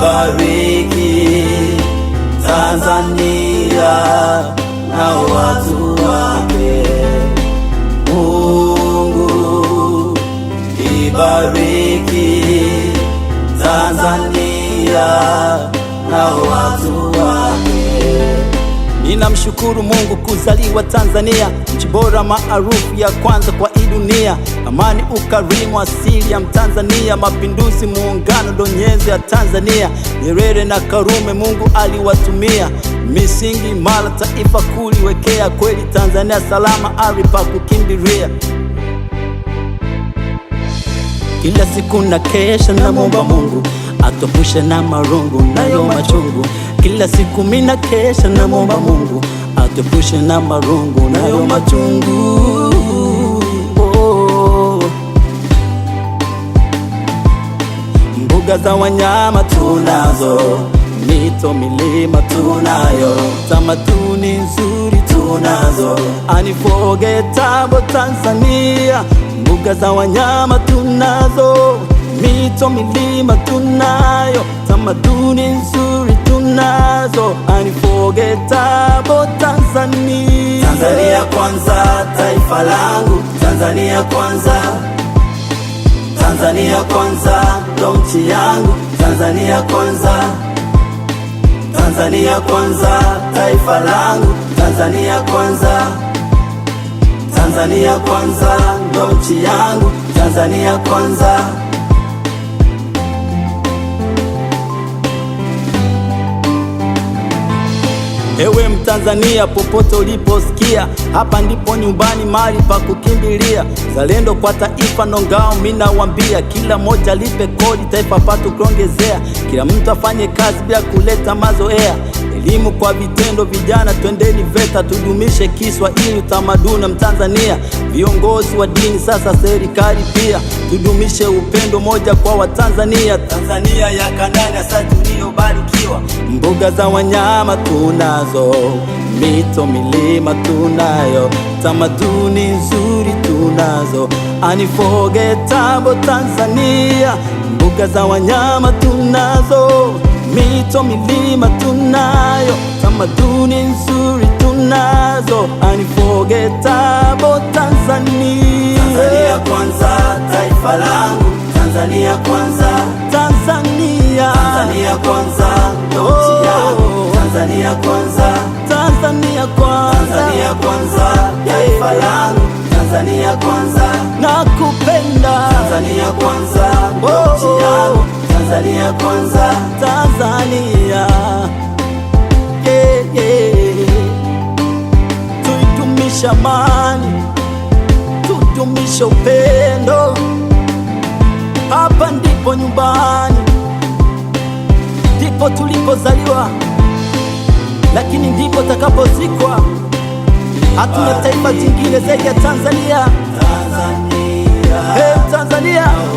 bariki Tanzania na watu wake. Mungu ibariki Tanzania na watu Ninamshukuru Mungu kuzaliwa Tanzania, nchi bora maarufu ya kwanza kwa hii dunia. Amani, ukarimu, asili ya Mtanzania, mapinduzi, muungano, nyenzo ya Tanzania. Nyerere na Karume Mungu aliwatumia misingi imara, taifa kuliwekea. Kweli Tanzania salama, ari pa kukimbilia. Kila siku na kesha, namwomba Mungu atuepushe na marungu nayo machungu kila siku mina kesha na momba Mungu atepushe na marungu nayo machungu. Oh. mbuga za wanyama tunazo, mito milima tunayo, tamaduni nzuri tunazo, anifoge Tanzania. Mbuga za wanyama tunazo, mito milima tunayo, tamaduni nzuri tunazo unforgettable Tanzania. Tanzania kwanza, taifa langu Tanzania kwanza, Tanzania kwanza, ndo nchi yangu Tanzania kwanza, Tanzania kwanza, taifa langu Tanzania kwanza, Tanzania kwanza, ndo nchi yangu Tanzania kwanza Ewe Mtanzania popote uliposikia, hapa ndipo nyumbani, mali pa kukimbilia. Zalendo kwa taifa nongao, wambia kila moja lipe kodi, taifa patu kila mtu afanye kazi bila kuleta mazoea elimu kwa vitendo, vijana twendeni VETA, tudumishe Kiswahili, utamaduni Mtanzania, viongozi wa dini, sasa serikali pia, tudumishe upendo moja kwa Watanzania, Tanzania ya Kanani sasa tuliyobarikiwa. Mbuga za wanyama tunazo, mito milima tunayo, tamaduni nzuri tunazo, anifoge tambo Tanzania, mbuga za wanyama tunazo Mito, milima tunayo, tamaduni nzuri tunazo, unforgettable Tanzania. Tanzania kwanza, taifa langu Tanzania kwanza, Tanzania, Tanzania kwanza, nchi yangu oh. Tanzania kwanza, Tanzania kwanza, Tanzania kwanza, taifa langu Tanzania kwanza, nakupenda Tanzania kwanza, oh. nchi yangu Tanzania kwanza tudumisha amani, tutumisha upendo, hapa ndipo nyumbani, ndipo tulipozaliwa, lakini ndipo takapozikwa. Hatuna taifa jingine zaidi ya Tanzania, Tanzania. Hey, Tanzania.